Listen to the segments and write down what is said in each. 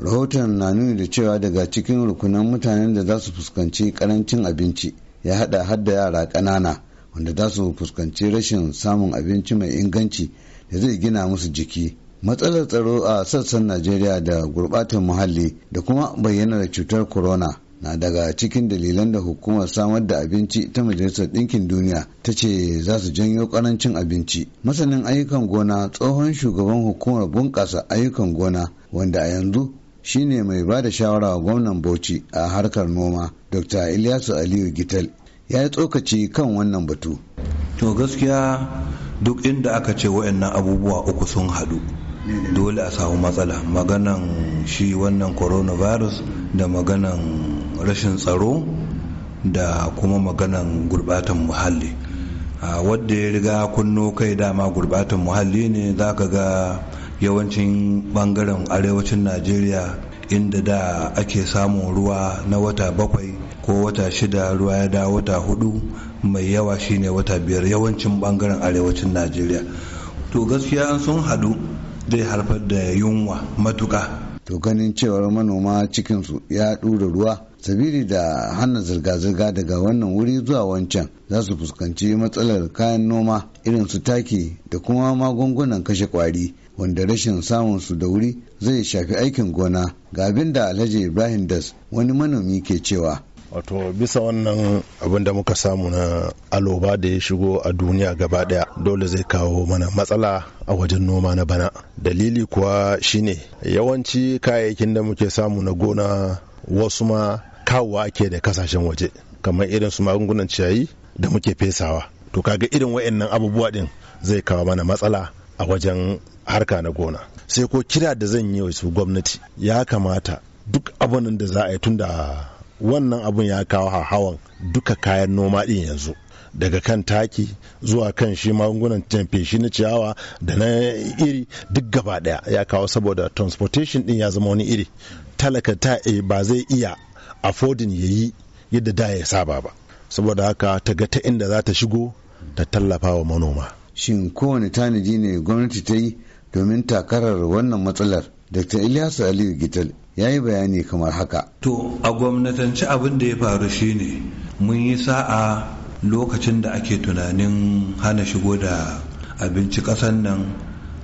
rahoton na nuni da cewa daga cikin rukunan mutanen da za su fuskanci karancin abinci ya hada hadda yara ƙanana wanda za su fuskanci rashin samun abinci mai inganci da zai gina musu jiki matsalar tsaro a sassan najeriya da gurbatar muhalli da kuma bayyanar cutar corona na daga cikin dalilan da hukumar samar da abinci ta majalisar ɗinkin duniya ta ce za su janyo ƙarancin abinci masanin ayyukan gona tsohon shugaban hukumar bunƙasa ayyukan gona wanda a yanzu shine mai ba da shawara wa gwamnan bauchi a harkar noma dr ilyasu aliyu gital ya yi tsokaci kan wannan batu to gaskiya duk inda aka ce wayannan abubuwa uku sun hadu dole a samu matsala maganan shi wannan coronavirus da maganan rashin tsaro da kuma maganan gurbatan muhalli wadda ya riga kunno kai dama gurbatan muhalli ne za ka ga yawancin bangaren arewacin najeriya inda da ake samun ruwa na wata bakwai ko wata shida ruwa ya da wata hudu mai yawa shine wata biyar yawancin bangaren arewacin najeriya to gaskiya sun hadu zai haifar da yunwa matuka to ganin cewar manoma cikinsu ya ɗura ruwa sabili da hana zirga-zirga daga wannan wuri zuwa wancan za su fuskanci matsalar kayan noma irin su taki da kuma magungunan kashe kwari wanda rashin samun su da wuri zai shafi aikin gona ga abin da alhaji ibrahim das wani manomi ke cewa wato bisa wannan abin da muka samu na aloba da ya shigo a duniya gaba daya dole zai kawo mana matsala a wajen noma na bana dalili kuwa shine yawanci kayayyakin da muke samu na gona wasu ma kawowa ake da kasashen waje kamar irin su magungunan ciyayi da muke fesawa to kaga irin wayannan abubuwa din zai kawo mana matsala a wajen harka na gona sai ko kira da zan yi wa su gwamnati ya kamata duk abin da za a yi tunda wannan abun ya kawo hawan duka kayan noma din yanzu daga kan taki zuwa kan shi magungunan feshi na ciyawa da na iri duk gaba daya ya kawo saboda transportation din ya zama wani iri talaka ta eh, ba zai iya a fodin ya yi yadda da ya saba ba saboda haka ta ga ta inda za ta shigo ta tallafa wa manoma shin kowane tanadi ne gwamnati ta yi domin takarar wannan matsalar dr ilyasu aliyu gital ya yi bayani kamar haka to a gwamnatance abin da ya faru shine mun yi sa'a lokacin da ake tunanin hana shigo da abinci ƙasan nan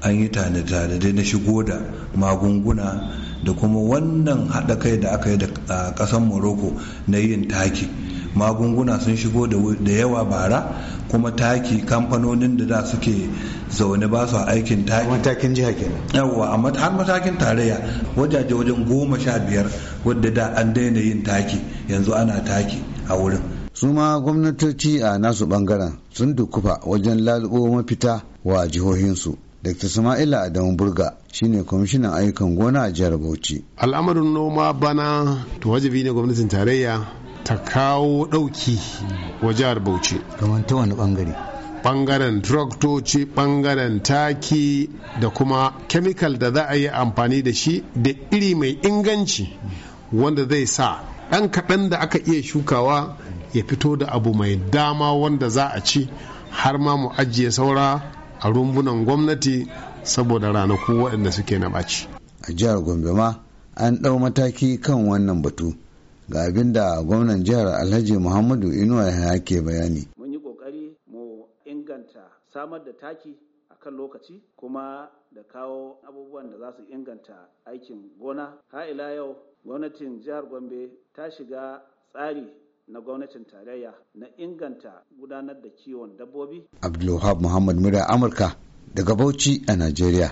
an yi tanade na shigo da magunguna da kuma wannan haɗa kai da aka yi da ƙasar morocco na yin taki magunguna sun shigo da yawa bara kuma taki kamfanonin da da suke zaune ba su aikin taki matakin jiha kenan yawa amma har matakin tarayya wajaje wajen goma sha biyar wadda da an daina yin taki yanzu ana taki a wurin su ma gwamnatoci a nasu bangaren sun dukufa wajen lalubo mafita wa jihohinsu Dr. Sama'ila Adamu Burga shine kwamishinan ayyukan gona a jihar Bauchi. Al'amarin noma bana to wajibi ne gwamnatin tarayya ta kawo ɗauki wa jihar Bauchi. Kamar ta wani bangare? Bangaren traktoci, bangaren taki da kuma kemikal da za a yi amfani da shi da iri mai inganci wanda zai sa ɗan kaɗan da aka iya shukawa ya fito da abu mai dama wanda za a ci har ma mu ajiye saura a rumbunan gwamnati saboda ranaku waɗanda suke na ɓaci. a jihar gombe ma an ɗau mataki kan wannan batu ga abin da gwamnan jihar alhaji muhammadu inuwa ya ke bayani mun yi ƙoƙari mu inganta samar da taki a kan lokaci kuma da kawo abubuwan da za su inganta aikin gona ha ila yau gwamnatin jihar gombe ta shiga tsari na gwamnatin tarayya na inganta gudanar da kiwon dabbobi. Abdulwahab Muhammad Mura Amurka daga Bauchi a Najeriya.